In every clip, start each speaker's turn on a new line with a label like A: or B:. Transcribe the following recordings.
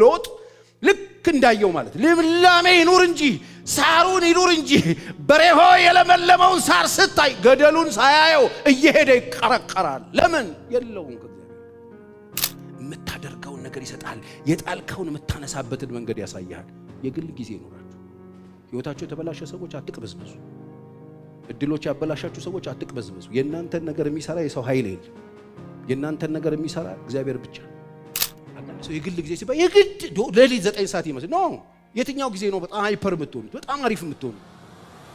A: ሎጥ ልክ እንዳየው ማለት ልምላሜ ይኑር እንጂ ሳሩን ይኑር እንጂ በሬሆ የለመለመውን ሳር ስታይ ገደሉን ሳያየው እየሄደ ይቀረቀራል። ለምን የለውም የምታደርገውን ነገር ይሰጣል። የጣልከውን የምታነሳበትን መንገድ ያሳያል። የግል ጊዜ ይኖራችሁ። ህይወታቸው የተበላሸ ሰዎች አትቅበዝበዙ። እድሎች ያበላሻችሁ ሰዎች አትቅበዝበዙ። የእናንተን ነገር የሚሰራ የሰው ኃይል የለም። የእናንተን ነገር የሚሰራ እግዚአብሔር ብቻ ሰው የግል ጊዜ ሲባል የግድ ሌሊት ዘጠኝ ሰዓት ይመስል ኖ። የትኛው ጊዜ ነው በጣም ሃይፐር የምትሆኑት በጣም አሪፍ የምትሆኑት?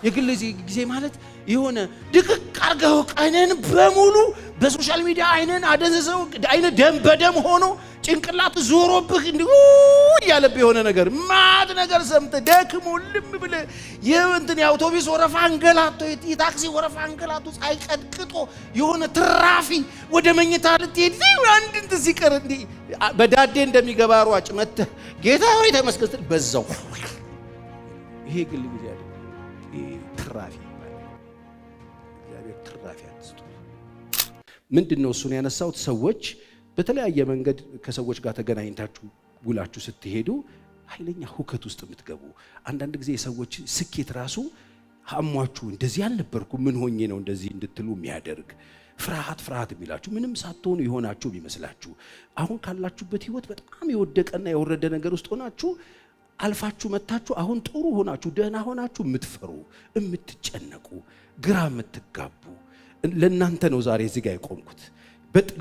A: የግል ጊዜ ማለት የሆነ ድቅቅ አርገው ቀንን በሙሉ በሶሻል ሚዲያ አይነን አደንዘዘው አይነ ደም በደም ሆኖ ጭንቅላት ዞሮብህ እንዲሁ ያለብህ የሆነ ነገር ማድ ነገር ሰምተህ ደክሞ ልም ብለህ የእንትን የአውቶቢስ ወረፋ አንገላቶ የታክሲ ወረፋ አንገላቶ ፀሐይ የሆነ ትራፊ ወደ መኝታ ልትሄድ አንድ እንትን ሲቀር እንዲህ በዳዴ እንደሚገባ ሯጭ መጥተህ ጌታ ሆይ ተመስገን ስትል በዛው ይሄ ግል ጊዜ ያለ ትራፊ ትራፊ ምንድን ነው እሱን ያነሳሁት ሰዎች በተለያየ መንገድ ከሰዎች ጋር ተገናኝታችሁ ውላችሁ ስትሄዱ ኃይለኛ ሁከት ውስጥ የምትገቡ አንዳንድ ጊዜ የሰዎች ስኬት ራሱ አሟችሁ እንደዚህ አልነበርኩ ምን ሆኜ ነው እንደዚህ እንድትሉ የሚያደርግ ፍርሃት ፍርሃት የሚላችሁ ምንም ሳትሆኑ የሆናችሁ የሚመስላችሁ አሁን ካላችሁበት ህይወት በጣም የወደቀና የወረደ ነገር ውስጥ ሆናችሁ አልፋችሁ መታችሁ አሁን ጥሩ ሆናችሁ ደህና ሆናችሁ የምትፈሩ የምትጨነቁ ግራ የምትጋቡ ለእናንተ ነው ዛሬ እዚህ የቆምኩት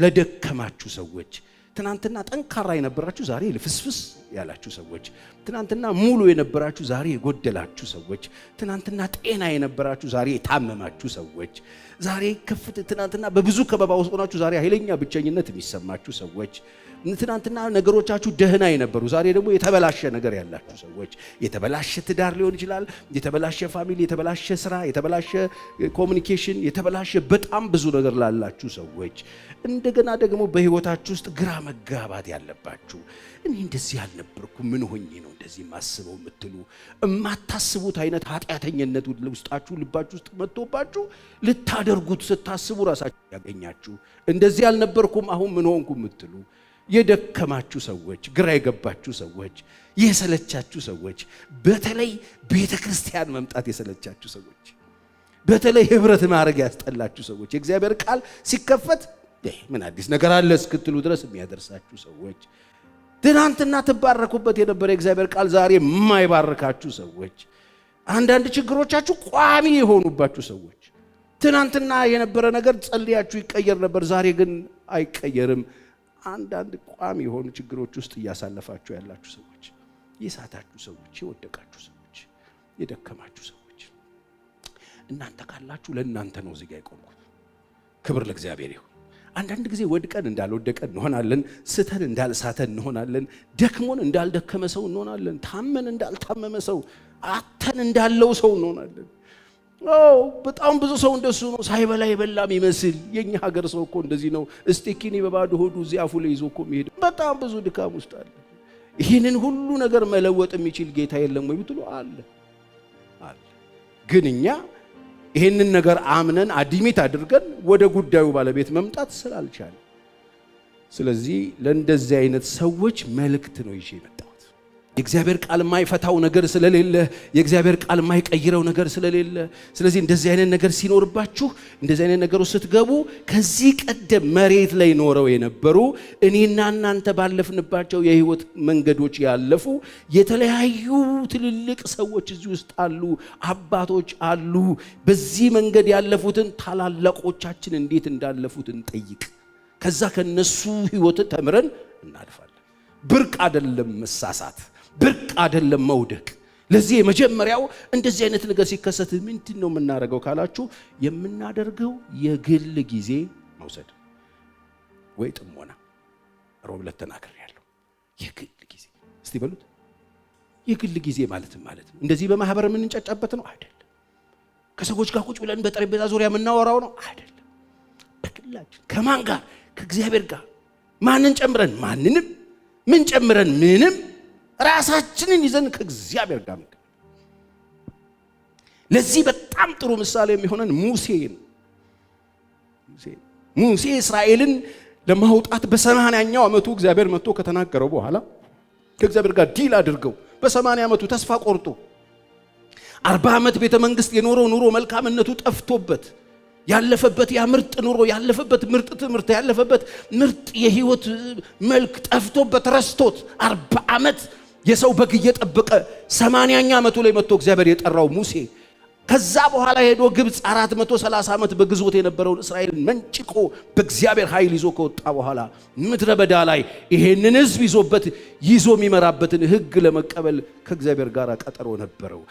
A: ለደከማችሁ ሰዎች ትናንትና ጠንካራ የነበራችሁ ዛሬ ልፍስፍስ ያላችሁ ሰዎች፣ ትናንትና ሙሉ የነበራችሁ ዛሬ የጎደላችሁ ሰዎች፣ ትናንትና ጤና የነበራችሁ ዛሬ የታመማችሁ ሰዎች፣ ዛሬ ከፍት ትናንትና በብዙ ከበባ ውስጥ ሆናችሁ ዛሬ ኃይለኛ ብቸኝነት የሚሰማችሁ ሰዎች ትናንትና ነገሮቻችሁ ደህና የነበሩ ዛሬ ደግሞ የተበላሸ ነገር ያላችሁ ሰዎች፣ የተበላሸ ትዳር ሊሆን ይችላል፣ የተበላሸ ፋሚሊ፣ የተበላሸ ስራ፣ የተበላሸ ኮሚኒኬሽን፣ የተበላሸ በጣም ብዙ ነገር ላላችሁ ሰዎች፣ እንደገና ደግሞ በህይወታችሁ ውስጥ ግራ መጋባት ያለባችሁ እኔ እንደዚህ ያልነበርኩ ምን ሆኜ ነው እንደዚህ ማስበው የምትሉ የማታስቡት አይነት ኃጢአተኝነት ውስጣችሁ ልባችሁ ውስጥ መጥቶባችሁ ልታደርጉት ስታስቡ ራሳችሁ ያገኛችሁ እንደዚህ ያልነበርኩም አሁን ምን ሆንኩ የምትሉ የደከማችሁ ሰዎች፣ ግራ የገባችሁ ሰዎች፣ የሰለቻችሁ ሰዎች፣ በተለይ ቤተ ክርስቲያን መምጣት የሰለቻችሁ ሰዎች፣ በተለይ ህብረት ማድረግ ያስጠላችሁ ሰዎች የእግዚአብሔር ቃል ሲከፈት ምን አዲስ ነገር አለ እስክትሉ ድረስ የሚያደርሳችሁ ሰዎች፣ ትናንትና ትባረኩበት የነበረ የእግዚአብሔር ቃል ዛሬ የማይባርካችሁ ሰዎች፣ አንዳንድ ችግሮቻችሁ ቋሚ የሆኑባችሁ ሰዎች፣ ትናንትና የነበረ ነገር ጸልያችሁ ይቀየር ነበር፣ ዛሬ ግን አይቀየርም። አንዳንድ ቋሚ የሆኑ ችግሮች ውስጥ እያሳለፋችሁ ያላችሁ ሰዎች፣ የሳታችሁ ሰዎች፣ የወደቃችሁ ሰዎች፣ የደከማችሁ ሰዎች እናንተ ካላችሁ ለእናንተ ነው እዚህ የቆምኩት። ክብር ለእግዚአብሔር ይሁን። አንዳንድ ጊዜ ወድቀን እንዳልወደቀን እንሆናለን። ስተን እንዳልሳተን እንሆናለን። ደክሞን እንዳልደከመ ሰው እንሆናለን። ታመን እንዳልታመመ ሰው፣ አተን እንዳለው ሰው እንሆናለን። አዎ በጣም ብዙ ሰው እንደሱ ነው። ሳይበላ የበላም ይመስል የኛ ሀገር ሰው እኮ እንደዚህ ነው። እስቲኪኒ በባዶ ሆዱ እዚህ አፉ ላይ ይዞ እኮ የሚሄድ በጣም ብዙ ድካም ውስጥ አለ። ይህንን ሁሉ ነገር መለወጥ የሚችል ጌታ የለም ወይ ብትሉ አለ አለ። ግን እኛ ይህንን ነገር አምነን አድሚት አድርገን ወደ ጉዳዩ ባለቤት መምጣት ስላልቻለ፣ ስለዚህ ለእንደዚህ አይነት ሰዎች መልእክት ነው ይዤ መጣ የእግዚአብሔር ቃል የማይፈታው ነገር ስለሌለ፣ የእግዚአብሔር ቃል የማይቀይረው ነገር ስለሌለ፣ ስለዚህ እንደዚህ አይነት ነገር ሲኖርባችሁ፣ እንደዚህ አይነት ነገር ውስጥ ስትገቡ ከዚህ ቀደም መሬት ላይ ኖረው የነበሩ እኔና እናንተ ባለፍንባቸው የህይወት መንገዶች ያለፉ የተለያዩ ትልልቅ ሰዎች እዚህ ውስጥ አሉ፣ አባቶች አሉ። በዚህ መንገድ ያለፉትን ታላላቆቻችን እንዴት እንዳለፉት እንጠይቅ። ከዛ ከነሱ ህይወት ተምረን እናልፋለን። ብርቅ አይደለም መሳሳት። ብርቅ አይደለም መውደቅ። ለዚህ የመጀመሪያው እንደዚህ አይነት ነገር ሲከሰት ምንድን ነው የምናደርገው ካላችሁ የምናደርገው የግል ጊዜ መውሰድ ወይ ጥሞና። ሮብ ዕለት ያለው የግል ጊዜ እስቲ በሉት። የግል ጊዜ ማለት ማለት ነው እንደዚህ በማህበር የምንጨጫበት ነው አይደለም። ከሰዎች ጋር ቁጭ ብለን በጠረጴዛ ዙሪያ የምናወራው ነው አይደለም። በግላችን ከማን ጋር? ከእግዚአብሔር ጋር። ማንን ጨምረን? ማንንም። ምን ጨምረን? ምንም ራሳችንን ይዘን ከእግዚአብሔር ጋር ለዚህ በጣም ጥሩ ምሳሌ የሚሆነን ሙሴ ሙሴ እስራኤልን ለማውጣት በሰማንያኛው ዓመቱ እግዚአብሔር መጥቶ ከተናገረው በኋላ ከእግዚአብሔር ጋር ዲል አድርገው በሰማንያ ዓመቱ ተስፋ ቆርጦ አርባ ዓመት ቤተ መንግስት የኖረው ኑሮ መልካምነቱ ጠፍቶበት ያለፈበት ያ ምርጥ ኑሮ ያለፈበት ምርጥ ትምህርት ያለፈበት ምርጥ የህይወት መልክ ጠፍቶበት ረስቶት አርባ ዓመት የሰው በግ እየጠበቀ ሰማንያኛ ዓመቱ ላይ መጥቶ እግዚአብሔር የጠራው ሙሴ ከዛ በኋላ ሄዶ ግብፅ 430 ዓመት በግዞት የነበረውን እስራኤልን መንጭቆ በእግዚአብሔር ኃይል ይዞ ከወጣ በኋላ ምድረ በዳ ላይ ይሄንን ሕዝብ ይዞበት ይዞ የሚመራበትን ሕግ ለመቀበል ከእግዚአብሔር ጋር ቀጠሮ ነበረው።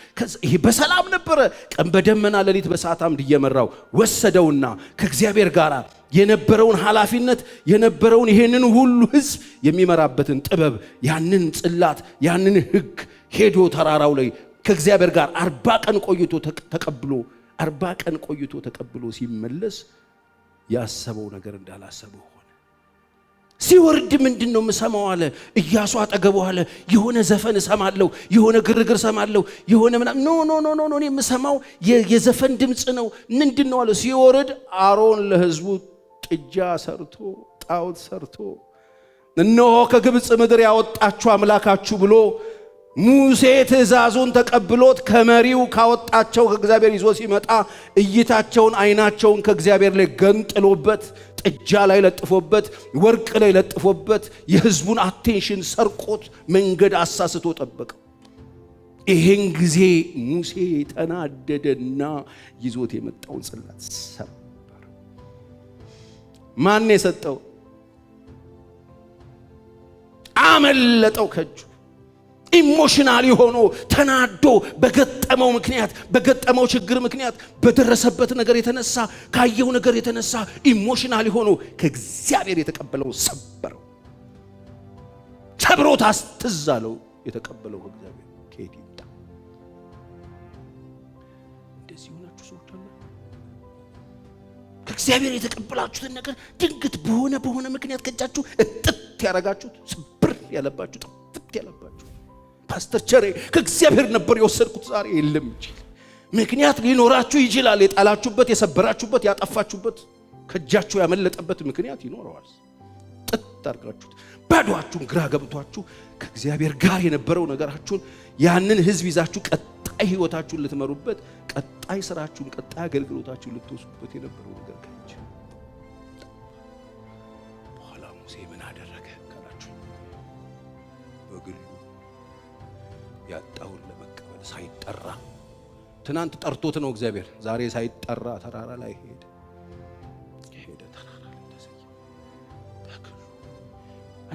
A: ይሄ በሰላም ነበረ። ቀን በደመና ሌሊት በሰዓት አምድ እየመራው ወሰደውና ከእግዚአብሔር ጋር የነበረውን ኃላፊነት የነበረውን ይሄንን ሁሉ ሕዝብ የሚመራበትን ጥበብ ያንን ጽላት ያንን ሕግ ሄዶ ተራራው ላይ ከእግዚአብሔር ጋር አርባ ቀን ቆይቶ ተቀብሎ አርባ ቀን ቆይቶ ተቀብሎ ሲመለስ ያሰበው ነገር እንዳላሰበው ሆነ። ሲወርድ ምንድን ነው የምሰማው አለ። ኢያሱ አጠገቡ አለ። የሆነ ዘፈን እሰማለሁ፣ የሆነ ግርግር እሰማለሁ፣ የሆነ ምናምን ኖ ኖ ኖ ኖ እኔ የምሰማው የዘፈን ድምፅ ነው። ምንድን ነው አለ። ሲወርድ አሮን ለህዝቡ ጥጃ ሰርቶ ጣዖት ሰርቶ እነሆ ከግብፅ ምድር ያወጣችሁ አምላካችሁ ብሎ ሙሴ ትእዛዙን ተቀብሎት ከመሪው ካወጣቸው ከእግዚአብሔር ይዞ ሲመጣ እይታቸውን አይናቸውን ከእግዚአብሔር ላይ ገንጥሎበት ጥጃ ላይ ለጥፎበት ወርቅ ላይ ለጥፎበት የህዝቡን አቴንሽን ሰርቆት መንገድ አሳስቶ ጠበቀ። ይህን ጊዜ ሙሴ የተናደደና ይዞት የመጣውን ጽላት ሰበር። ማን የሰጠው አመለጠው ከእጁ ኢሞሽናል ሆኖ ተናዶ በገጠመው ምክንያት በገጠመው ችግር ምክንያት በደረሰበት ነገር የተነሳ ካየው ነገር የተነሳ ኢሞሽናል ሆኖ ከእግዚአብሔር የተቀበለው ሰበረው፣ ሰብሮት አስተዛለው። የተቀበለው ከእግዚአብሔር ከየት ይምጣ? እንደዚህ ሆናችሁ ሰዎች አለ። ከእግዚአብሔር የተቀበላችሁትን ነገር ድንገት በሆነ በሆነ ምክንያት ከእጃችሁ እጥት ያረጋችሁት ስብር ያለባችሁ ጥፍት ያለባችሁ ፓስተር ቸሬ ከእግዚአብሔር ነበር የወሰድኩት፣ ዛሬ የለም። ምክንያት ሊኖራችሁ ይችላል። የጣላችሁበት፣ የሰበራችሁበት፣ ያጠፋችሁበት፣ ከእጃችሁ ያመለጠበት ምክንያት ይኖረዋል። ጥት አድርጋችሁት ባዷችሁን ግራ ገብቷችሁ ከእግዚአብሔር ጋር የነበረው ነገራችሁን ያንን ህዝብ ይዛችሁ ቀጣይ ህይወታችሁን ልትመሩበት፣ ቀጣይ ስራችሁን፣ ቀጣይ አገልግሎታችሁን ልትወስዱበት የነበረው ነገር ትናንት ጠርቶት ነው እግዚአብሔር። ዛሬ ሳይጠራ ተራራ ላይ ሄደ። ሄደ ተራራ ላይ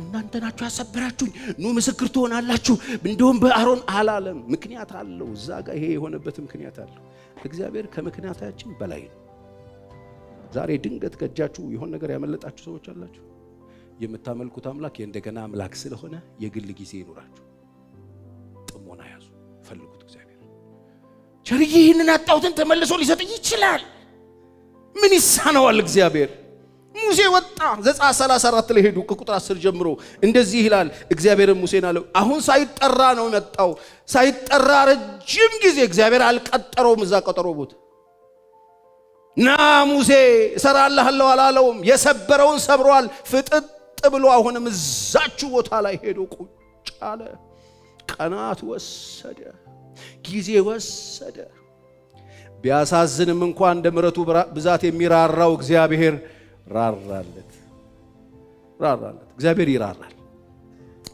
A: እናንተ ናችሁ ያሰበራችሁኝ፣ ኑ ምስክር ትሆናላችሁ። እንደውም በአሮን አላለም። ምክንያት አለው። እዛ ጋር ይሄ የሆነበት ምክንያት አለው። እግዚአብሔር ከምክንያታችን በላይ ነው። ዛሬ ድንገት ከእጃችሁ የሆን ነገር ያመለጣችሁ ሰዎች አላችሁ። የምታመልኩት አምላክ የእንደገና አምላክ ስለሆነ የግል ጊዜ ይኑራችሁ። ቸርዬ ይህንን አጣሁትን ተመልሶ ሊሰጥ ይችላል። ምን ይሳነዋል እግዚአብሔር? ሙሴ ወጣ ዘጻ 34 ላይ ሄዱ ከቁጥር 10 ጀምሮ እንደዚህ ይላል። እግዚአብሔርም ሙሴን አለው አሁን ሳይጠራ ነው መጣው። ሳይጠራ ረጅም ጊዜ እግዚአብሔር አልቀጠረውም። እዛ ቀጠሮ ቦታ ና ሙሴ እሰራልሃለሁ አላለውም። የሰበረውን ሰብሯል። ፍጥጥ ብሎ አሁንም እዛችሁ ቦታ ላይ ሄዶ ቁጭ አለ። ቀናት ወሰደ። ጊዜ ወሰደ። ቢያሳዝንም እንኳን እንደ ምረቱ ብዛት የሚራራው እግዚአብሔር ራራለት ራራለት። እግዚአብሔር ይራራል።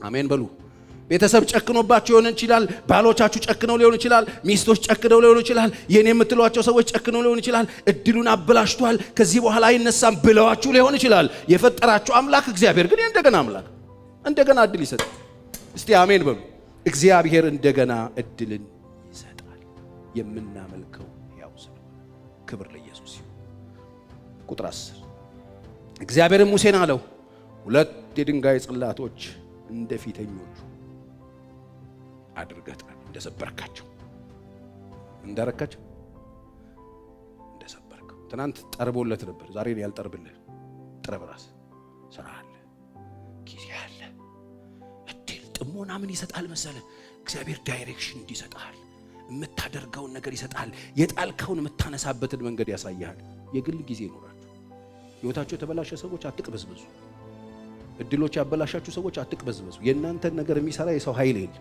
A: አሜን በሉ። ቤተሰብ ጨክኖባቸው ሊሆን ይችላል። ባሎቻችሁ ጨክነው ሊሆን ይችላል። ሚስቶች ጨክነው ሊሆን ይችላል። የኔ የምትሏቸው ሰዎች ጨክነው ሊሆን ይችላል። እድሉን አበላሽቷል፣ ከዚህ በኋላ አይነሳም ብለዋችሁ ሊሆን ይችላል። የፈጠራችሁ አምላክ እግዚአብሔር ግን እንደገና አምላክ እንደገና እድል ይሰጣል። እስቲ አሜን በሉ። እግዚአብሔር እንደገና እድልን የምናመልከው ያው ስለሆነ ክብር ለኢየሱስ ይሁን። ቁጥር 10 እግዚአብሔርም ሙሴን አለው ሁለት የድንጋይ ጽላቶች እንደ ፊተኞቹ አድርገህ እንደሰበርካቸው እንዳረካቸው እንደሰበርከው ትናንት ጠርቦለት ነበር። ዛሬ ያልጠርብልህ ጥረብ። ራስ ስራ አለ፣ ጊዜ አለ፣ እድል ጥሞና ምን ይሰጣል መሰለ እግዚአብሔር ዳይሬክሽን እንዲሰጣል የምታደርገውን ነገር ይሰጣል። የጣልከውን የምታነሳበትን መንገድ ያሳይሃል። የግል ጊዜ ይኖራችሁ። ህይወታቸው የተበላሸ ሰዎች አትቅበዝበዙ። እድሎች ያበላሻችሁ ሰዎች አትቅበዝበዙ። የእናንተን ነገር የሚሰራ የሰው ኃይል የለ።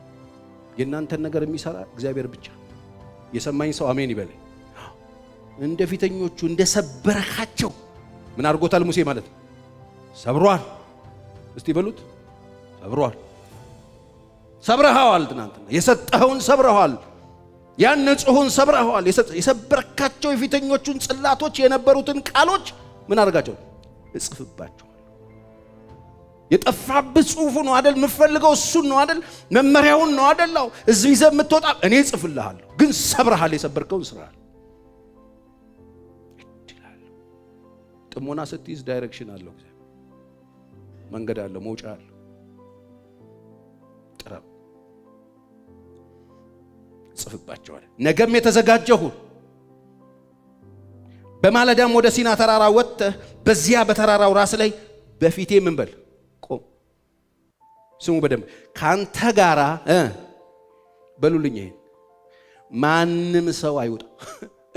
A: የእናንተን ነገር የሚሰራ እግዚአብሔር ብቻ። የሰማኝ ሰው አሜን ይበለ። እንደ ፊተኞቹ እንደ ሰበረካቸው ምን አድርጎታል? ሙሴ ማለት ነው ሰብሯል። እስቲ በሉት ሰብሯል። ሰብረሃዋል። ትናንትና የሰጠኸውን ሰብረሃዋል። ያን ንጹሑን ሰብረኸዋል። የሰበርካቸው የፊተኞቹን ጽላቶች የነበሩትን ቃሎች ምን አድርጋቸው እጽፍባቸዋል። የጠፋብህ ጽሑፉ ነው አደል? የምፈልገው እሱን ነው አደል? መመሪያውን ነው አደላው? እዚህ ይዘህ የምትወጣ እኔ እጽፍልሃለሁ፣ ግን ሰብረሃል። የሰበርከውን ስራል ጥሞና ስትይዝ ዳይሬክሽን አለው፣ መንገድ አለው፣ መውጫ አለው። ጥረብ ጽፍባቸዋል። ነገም የተዘጋጀሁ በማለዳም ወደ ሲና ተራራ ወጥተህ በዚያ በተራራው ራስ ላይ በፊቴ ምን በል ቆም። ስሙ በደንብ ከአንተ ጋራ በሉልኝ። ይሄን ማንም ሰው አይውጣ።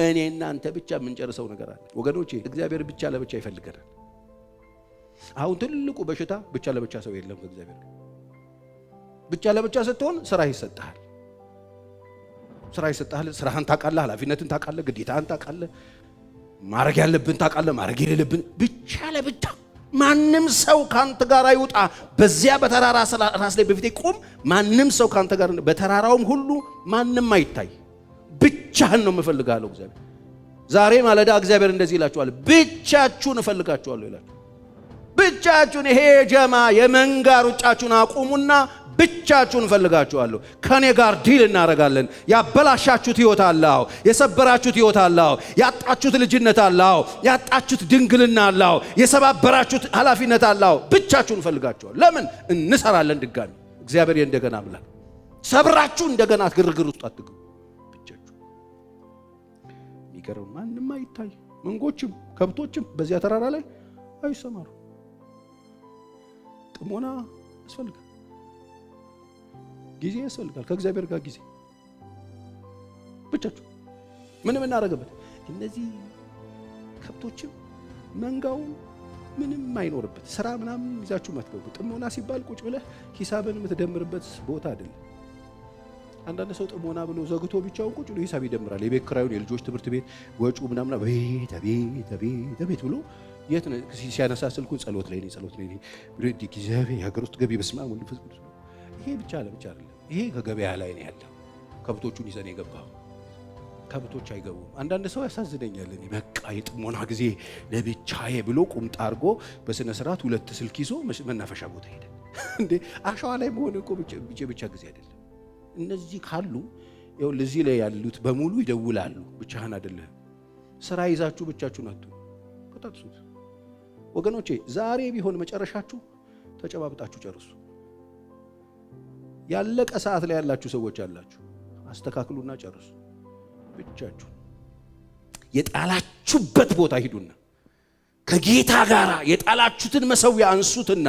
A: እኔ እናንተ ብቻ የምንጨርሰው ነገር አለ ወገኖቼ። እግዚአብሔር ብቻ ለብቻ ይፈልገናል። አሁን ትልቁ በሽታ ብቻ ለብቻ ሰው የለም ከእግዚአብሔር ብቻ ለብቻ ስትሆን ስራ ይሰጥሃል። ስራ ይሰጣል። ስራህን ታውቃለህ፣ ኃላፊነትን ታውቃለህ፣ ግዴታህን ታውቃለህ፣ ማድረግ ያለብን ታውቃለህ፣ ማድረግ የሌለብን ብቻ ለብቻ ማንም ሰው ካንተ ጋር አይውጣ። በዚያ በተራራ ራስ ላይ በፊቴ ቁም። ማንም ሰው ካንተ ጋር በተራራውም ሁሉ ማንም አይታይ፣ ብቻህን ነው የምፈልጋለሁ። እግዚአብሔር ዛሬ ማለዳ እግዚአብሔር እንደዚህ ይላችኋል፣ ብቻችሁን እፈልጋችኋለሁ ይላል። ብቻችሁን ይሄ ጀማ የመንጋ ሩጫችሁን አቁሙና ብቻችሁን እፈልጋችኋለሁ። ከኔ ጋር ዲል እናደርጋለን። ያበላሻችሁት ህይወት አለ። የሰበራችሁት ህይወት አለ። ያጣችሁት ልጅነት አላው ያጣችሁት ድንግልና አላው የሰባበራችሁት ኃላፊነት አላው ብቻችሁን እፈልጋችኋለሁ። ለምን እንሰራለን ድጋሚ። እግዚአብሔር እንደገና ብላል። ሰብራችሁ እንደገና ግርግር ውስጥ አትግቡ። ብቻችሁ የሚቀረው ማንም አይታይ። መንጎችም ከብቶችም በዚያ ተራራ ላይ አይሰማሩ። ጥሞና ያስፈልጋል። ጊዜ ያስፈልጋል። ከእግዚአብሔር ጋር ጊዜ ብቻችሁ ምንም እናደረገበት እነዚህ ከብቶችም መንጋው ምንም አይኖርበት ስራ ምናምን ይዛችሁ ማትገቡ። ጥሞና ሲባል ቁጭ ብለህ ሂሳብን የምትደምርበት ቦታ አይደለም። አንዳንድ ሰው ጥሞና ብሎ ዘግቶ ብቻውን ቁጭ ብሎ ሂሳብ ይደምራል። የቤት ክራዩን፣ የልጆች ትምህርት ቤት ወጩ ምናምን ቤት ቤት ቤት ቤት ብሎ የት ሲያነሳ ስልኩን ጸሎት ላይ ጸሎት ላይ ጊዜ የሀገር ውስጥ ገቢ በስመ አብ ወልድ ይሄ ብቻ ለብቻ ይሄ ከገበያ ላይ ነው ያለው። ከብቶቹን ይዘን የገባው ከብቶች አይገቡም። አንዳንድ ሰው ያሳዝነኛል። እኔ በቃ የጥሞና ጊዜ ለብቻዬ ብሎ ቁምጣ አድርጎ በስነ ስርዓት ሁለት ስልክ ይዞ መናፈሻ ቦታ ሄደ። እንዴ አሸዋ ላይ መሆን እኮ ብቻ ጊዜ አይደለም። እነዚህ ካሉ ያው እዚህ ላይ ያሉት በሙሉ ይደውላሉ። ብቻህን አይደለም። ስራ ይዛችሁ ብቻችሁን አትሁ ወገኖቼ ዛሬ ቢሆን መጨረሻችሁ ተጨባብጣችሁ ጨርሱ። ያለቀ ሰዓት ላይ ያላችሁ ሰዎች አላችሁ። አስተካክሉና ጨርሱ። ብቻችሁ የጣላችሁበት ቦታ ሂዱና ከጌታ ጋር የጣላችሁትን መሰዊያ አንሱትና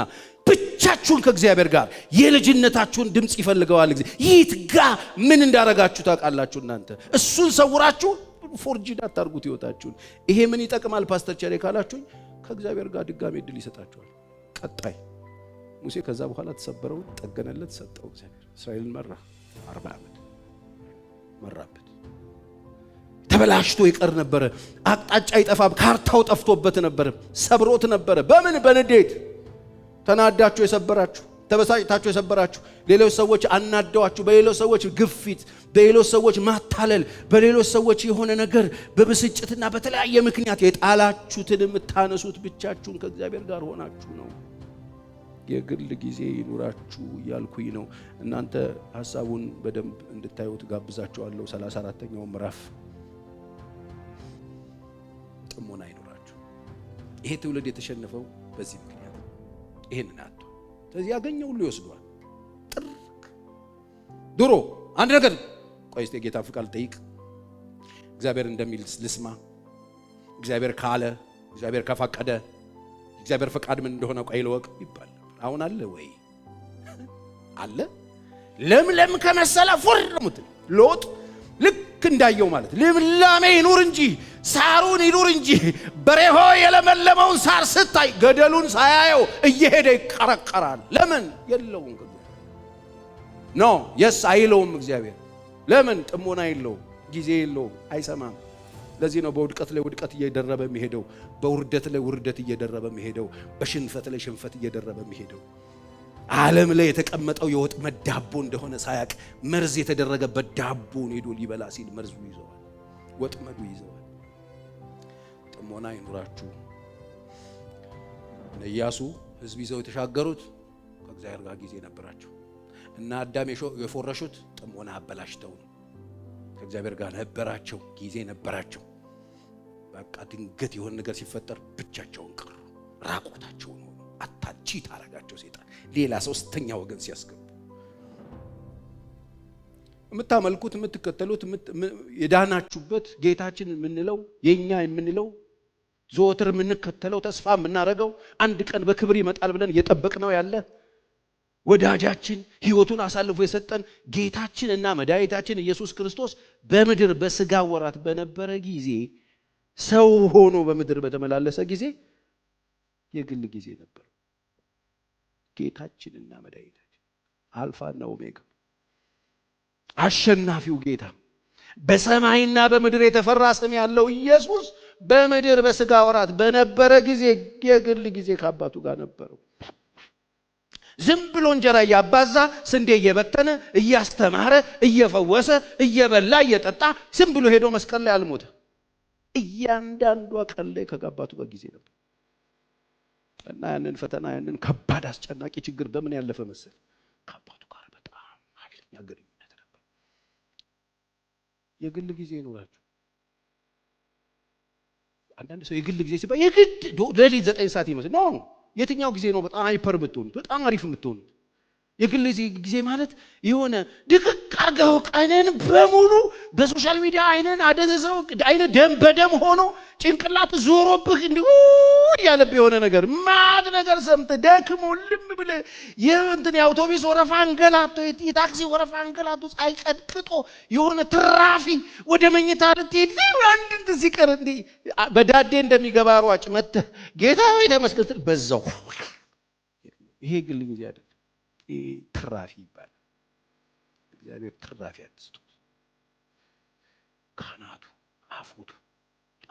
A: ብቻችሁን ከእግዚአብሔር ጋር የልጅነታችሁን ድምፅ ይፈልገዋል። ጊዜ ይት ጋ ምን እንዳረጋችሁ ታውቃላችሁ። እናንተ እሱን ሰውራችሁ ፎርጂድ አታርጉት ህይወታችሁን። ይሄ ምን ይጠቅማል ፓስተር ቸሬ ካላችሁኝ፣ ከእግዚአብሔር ጋር ድጋሜ እድል ይሰጣችኋል። ቀጣይ ሙሴ ከዛ በኋላ ተሰበረው ጠገነለት፣ ሰጠው። እግዚአብሔር እስራኤልን መራ። አርባ ዓመት መራበት። ተበላሽቶ ይቀር ነበረ። አቅጣጫ ይጠፋ ካርታው ጠፍቶበት ነበረ፣ ሰብሮት ነበረ። በምን በንዴት ተናዳችሁ የሰበራችሁ ተበሳጭታችሁ የሰበራችሁ ሌሎች ሰዎች አናደዋችሁ፣ በሌሎች ሰዎች ግፊት፣ በሌሎች ሰዎች ማታለል፣ በሌሎች ሰዎች የሆነ ነገር በብስጭትና በተለያየ ምክንያት የጣላችሁትን የምታነሱት ብቻችሁን ከእግዚአብሔር ጋር ሆናችሁ ነው። የግል ጊዜ ይኑራችሁ እያልኩኝ ነው። እናንተ ሀሳቡን በደንብ እንድታዩት ጋብዛችኋለሁ። 34ተኛው ምዕራፍ ጥሞና ይኑራችሁ። ይሄ ትውልድ የተሸነፈው በዚህ ምክንያት ይሄንን አቶ ስለዚህ ያገኘ ሁሉ ይወስዷል። ጥርቅ ድሮ አንድ ነገር ቆይ እስቲ የጌታን ፍቃድ ጠይቅ እግዚአብሔር እንደሚል ልስማ። እግዚአብሔር ካለ እግዚአብሔር ከፈቀደ እግዚአብሔር ፈቃድ ምን እንደሆነ ቆይ ልወቅ ይባላል። አሁን አለ ወይ አለ ለምለም ከመሰለ ፉር ሙት ሎጥ ልክ እንዳየው ማለት ልምላሜ ይኑር እንጂ ሳሩን ይኑር እንጂ በሬሆ የለመለመውን ሳር ስታይ ገደሉን ሳያየው እየሄደ ይቀረቀራል። ለምን የለውም ኖ የስ አይለውም። እግዚአብሔር ለምን ጥሞና የለውም? ጊዜ የለውም። አይሰማም። ለዚህ ነው በውድቀት ላይ ውድቀት እየደረበ የሚሄደው፣ በውርደት ላይ ውርደት እየደረበ የሚሄደው፣ በሽንፈት ላይ ሽንፈት እየደረበ የሚሄደው። ዓለም ላይ የተቀመጠው የወጥመድ ዳቦ እንደሆነ ሳያቅ መርዝ የተደረገበት ዳቦን ሄዶ ሊበላ ሲል መርዙ ይዘዋል፣ ወጥመዱ ይዘዋል። ጥሞና ይኑራችሁ። እነ ኢያሱ ይዘው የተሻገሩት ከእግዚአብሔር ጋር ጊዜ ነበራቸው። እና አዳም የፎረሹት ጥሞና አበላሽተው ነው። ከእግዚአብሔር ጋር ነበራቸው፣ ጊዜ ነበራቸው። በቃ ድንገት የሆነ ነገር ሲፈጠር ብቻቸውን ቀሩ፣ ራቆታቸውን ሆኑ። አታቺ ታረጋቸው ሴጣን ሌላ ሶስተኛ ወገን ሲያስገቡ የምታመልኩት የምትከተሉት የዳናችሁበት ጌታችን የምንለው የእኛ የምንለው ዘወትር የምንከተለው ተስፋ የምናደርገው አንድ ቀን በክብር ይመጣል ብለን እየጠበቅነው ያለ ወዳጃችን ሕይወቱን አሳልፎ የሰጠን ጌታችን እና መድኃኒታችን ኢየሱስ ክርስቶስ በምድር በስጋ ወራት በነበረ ጊዜ ሰው ሆኖ በምድር በተመላለሰ ጊዜ የግል ጊዜ ነበር። ጌታችንና መድኃኒታችን አልፋና ኦሜጋ አሸናፊው ጌታ በሰማይና በምድር የተፈራ ስም ያለው ኢየሱስ በምድር በስጋ ወራት በነበረ ጊዜ የግል ጊዜ ከአባቱ ጋር ነበረው። ዝም ብሎ እንጀራ እያባዛ ስንዴ እየበተነ እያስተማረ እየፈወሰ እየበላ እየጠጣ ዝም ብሎ ሄዶ መስቀል ላይ አልሞተ። እያንዳንዷ ቀን ላይ ከጋባቱ ጋር ጊዜ ነበር እና ያንን ፈተና ያንን ከባድ አስጨናቂ ችግር በምን ያለፈ መሰል ከአባቱ ጋር በጣም ኃይለኛ ግንኙነት ነበር። የግል ጊዜ ይኖራችሁ። አንዳንድ ሰው የግል ጊዜ ሲባል የግድ ሌሊት ዘጠኝ ሰዓት ይመስል ነው። የትኛው ጊዜ ነው በጣም አይፐር የምትሆኑት በጣም አሪፍ የምትሆኑት? የግል ጊዜ ማለት የሆነ ድቅቅ አርገው ቀንን በሙሉ በሶሻል ሚዲያ አይንን አደንዘው አይነ ደም በደም ሆኖ ጭንቅላት ዞሮብህ እንዲሁ እያለብ የሆነ ነገር ማት ነገር ሰምት ደክሞ ልም ብለ የእንትን የአውቶቢስ ወረፋ አንገላቶ የታክሲ ወረፋ አንገላቶ ፀሐይ የሆነ ትራፊ ወደ መኝታ ልትሄድ አንድ እንትን ሲቀር እንዲህ በዳዴ እንደሚገባ ሯጭ መጥተህ ጌታ ወይ ተመስገን በዛው ይሄ ግል ጊዜ አይደለም። ትራፊ ይባላል። እግዚአብሔር ትራፊ አትስጡት። ካናቱ አፉቱ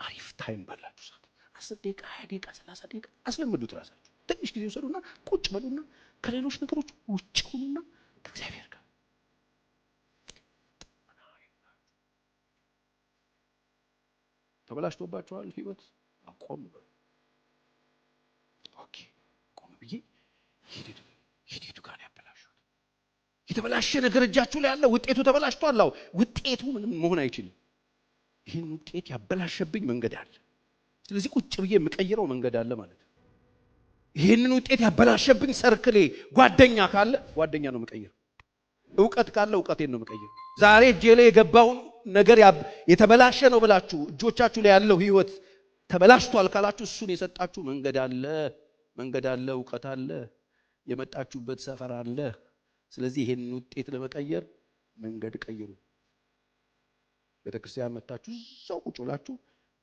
A: አሪፍ ታይም ባላችሁ ሰዓት አስር ደቂቃ፣ ሀያ ደቂቃ፣ ሰላሳ ደቂቃ አስለምዱት። ራሳችሁ ትንሽ ጊዜ ውሰዱና ቁጭ በሉና ከሌሎች ነገሮች ውጭ ሁኑና ከእግዚአብሔር ጋር ተበላሽቶባቸዋል ህይወት አቆም ኦኬ ቆም ብዬ ሂድ የተበላሸ ነገር እጃችሁ ላይ አለ። ውጤቱ ተበላሽቷል። አዎ ውጤቱ ምንም መሆን አይችልም። ይህን ውጤት ያበላሸብኝ መንገድ አለ። ስለዚህ ቁጭ ብዬ የምቀይረው መንገድ አለ ማለት ነው። ይህንን ውጤት ያበላሸብኝ ሰርክሌ ጓደኛ ካለ ጓደኛ ነው የምቀይረው። እውቀት ካለ እውቀቴን ነው የምቀይረው። ዛሬ እጄ ላይ የገባውን ነገር የተበላሸ ነው ብላችሁ እጆቻችሁ ላይ ያለው ህይወት ተበላሽቷል ካላችሁ እሱን የሰጣችሁ መንገድ አለ። መንገድ አለ፣ እውቀት አለ፣ የመጣችሁበት ሰፈር አለ። ስለዚህ ይሄንን ውጤት ለመቀየር መንገድ ቀይሩ። ቤተክርስቲያን መታችሁ እዛው ቁጭ ብላችሁ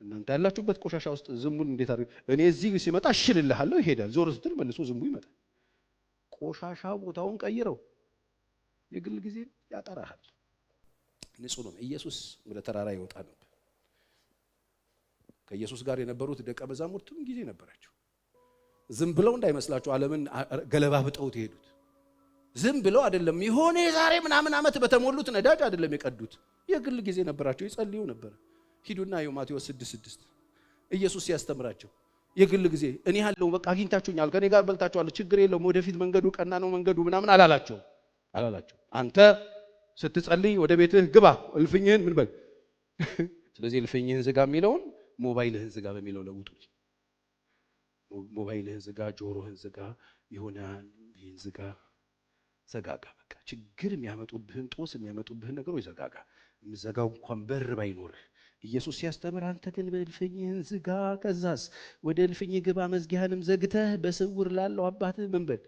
A: እናንተ ያላችሁበት ቆሻሻ ውስጥ ዝንቡን እንዴት አድርገ እኔ እዚህ ሲመጣ እሽልልሃለሁ ይሄዳል። ዞር ስትል መልሶ ዝንቡ ይመጣል። ቆሻሻ ቦታውን ቀይረው። የግል ጊዜ ያጠራሃል። ንጹህ ነው። ኢየሱስ ወደ ተራራ ይወጣ ነበር። ከኢየሱስ ጋር የነበሩት ደቀ መዛሙርትም ጊዜ ነበራቸው። ዝም ብለው እንዳይመስላችሁ ዓለምን ገለባ ብጠውት የሄዱት ዝም ብለው አይደለም። የሆነ የዛሬ ምናምን ዓመት በተሞሉት ነዳጅ አይደለም የቀዱት። የግል ጊዜ ነበራቸው፣ ይጸልዩ ነበር። ሂዱና ዩ ማቴዎስ 6:6 ኢየሱስ ሲያስተምራቸው የግል ጊዜ እኔ ያለው በቃ አግኝታችሁኛል፣ ከኔ ጋር በልታችኋል፣ ችግር የለውም፣ ወደፊት መንገዱ ቀና ነው መንገዱ ምናምን አላላቸው አላላቸው። አንተ ስትጸልይ ወደ ቤትህ ግባ፣ እልፍኝህን ምን በል። ስለዚህ እልፍኝህን ዝጋ የሚለውን ሞባይልህን ዝጋ በሚለው ለውጡ። ሞባይልህን ዝጋ፣ ጆሮህን ዝጋ፣ ይሆናል ይህን ዝጋ ዘጋጋ። በቃ ችግር የሚያመጡብህን ጦስ የሚያመጡብህን ነገሮች ዘጋጋ። የምዘጋው እንኳን በር ባይኖርህ ኢየሱስ ሲያስተምር አንተ ግን በእልፍኝህን ዝጋ፣ ከዛስ ወደ እልፍኝ ግባ፣ መዝጊያንም ዘግተህ በስውር ላለው አባትህ መንበል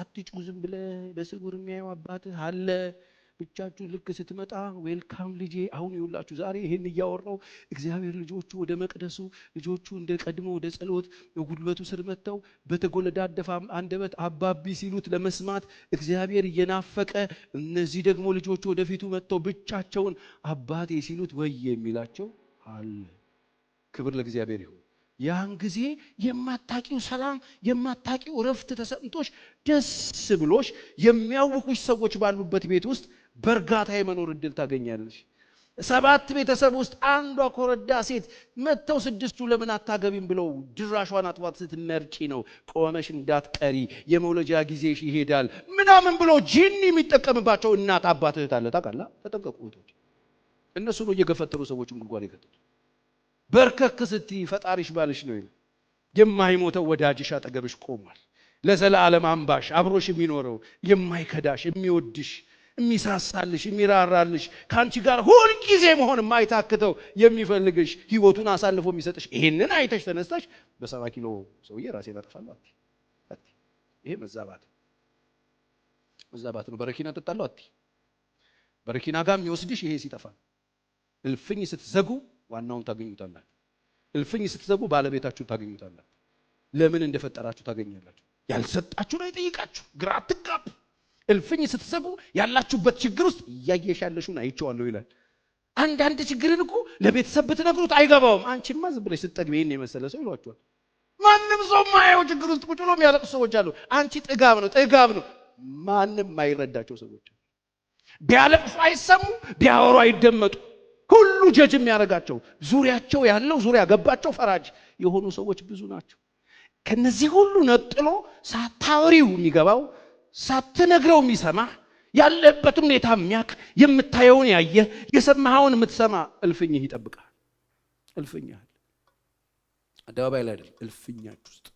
A: አትጩ። ዝም ብለህ በስውር የሚያየው አባትህ አለ። ብቻችሁን ልክ ስትመጣ ዌልካም ልጄ። አሁን ይውላችሁ ዛሬ ይህን እያወራው እግዚአብሔር ልጆቹ ወደ መቅደሱ ልጆቹ እንደ ቀድሞ ወደ ጸሎት በጉልበቱ ስር መጥተው በተጎለዳደፈ አንደበት አባቢ ሲሉት ለመስማት እግዚአብሔር እየናፈቀ እነዚህ ደግሞ ልጆቹ ወደፊቱ መጥተው ብቻቸውን አባቴ ሲሉት ወይ የሚላቸው አለ። ክብር ለእግዚአብሔር ይሁን። ያን ጊዜ የማታቂው ሰላም የማታቂው እረፍት ተሰምቶሽ ደስ ብሎሽ የሚያውቁሽ ሰዎች ባሉበት ቤት ውስጥ በእርጋታ የመኖር እድል ታገኛለሽ። ሰባት ቤተሰብ ውስጥ አንዷ ኮረዳ ሴት መጥተው ስድስቱ ለምን አታገቢም ብለው ድራሿን አጥባት ስትመርጪ ነው ቆመሽ እንዳትቀሪ የመውለጃ ጊዜሽ ይሄዳል ምናምን ብሎ ጂኒ የሚጠቀምባቸው እናት አባት እህት አለ ታውቃላ። ተጠንቀቁ እህቶች፣ እነሱ ነው እየገፈተሩ ሰዎችን ጉድጓድ የከተቱት። በርከክ ስቲ ፈጣሪሽ ባልሽ ነው። የማይሞተው ወዳጅሽ አጠገብሽ ቆሟል። ለዘላለም አምባሽ አብሮሽ የሚኖረው የማይከዳሽ የሚወድሽ የሚሳሳልሽ፣ የሚራራልሽ ከአንቺ ጋር ሁልጊዜ መሆን የማይታክተው የሚፈልግሽ፣ ህይወቱን አሳልፎ የሚሰጥሽ ይህንን አይተሽ ተነስተሽ በሰባ ኪሎ ሰውዬ ራሴ አጠፋለሁ ይሄ መዛባት መዛባት ነው። በረኪና ጠጣለሁ አትይ። በረኪና ጋር የሚወስድሽ ይሄ ሲጠፋ እልፍኝ ስትዘጉ ዋናውን ታገኙታላችሁ። እልፍኝ ስትዘጉ ባለቤታችሁን ታገኙታላችሁ። ለምን እንደፈጠራችሁ ታገኛላችሁ። ያልሰጣችሁን አይጠይቃችሁ። ግራ አትጋቡ። እልፍኝ ስትሰቡ ያላችሁበት ችግር ውስጥ እያየሽ ያለሽውን አይቼዋለሁ ይላል። አንዳንድ ችግርን እኮ ለቤተሰብ ብትነግሩት አይገባውም። አንቺማ ዝም ብለሽ ስትጠግቢ ይህን የመሰለ ሰው ይሏቸዋል። ማንም ሰው ማየው ችግር ውስጥ ቁጭ ብሎ የሚያለቅሱ ሰዎች አሉ። አንቺ ጥጋብ ነው ጥጋብ ነው። ማንም ማይረዳቸው ሰዎች ቢያለቅሱ አይሰሙ፣ ቢያወሩ አይደመጡ፣ ሁሉ ጀጅ የሚያደርጋቸው ዙሪያቸው ያለው ዙሪያ ገባቸው ፈራጅ የሆኑ ሰዎች ብዙ ናቸው። ከነዚህ ሁሉ ነጥሎ ሳታወሪው የሚገባው ሳትነግረው የሚሰማ ያለበት ሁኔታ የሚያቅ የምታየውን ያየ የሰማኸውን የምትሰማ እልፍኝህ ይጠብቃል። እልፍኛል አደባባይ ላይ አይደለም፣ እልፍኛች ውስጥ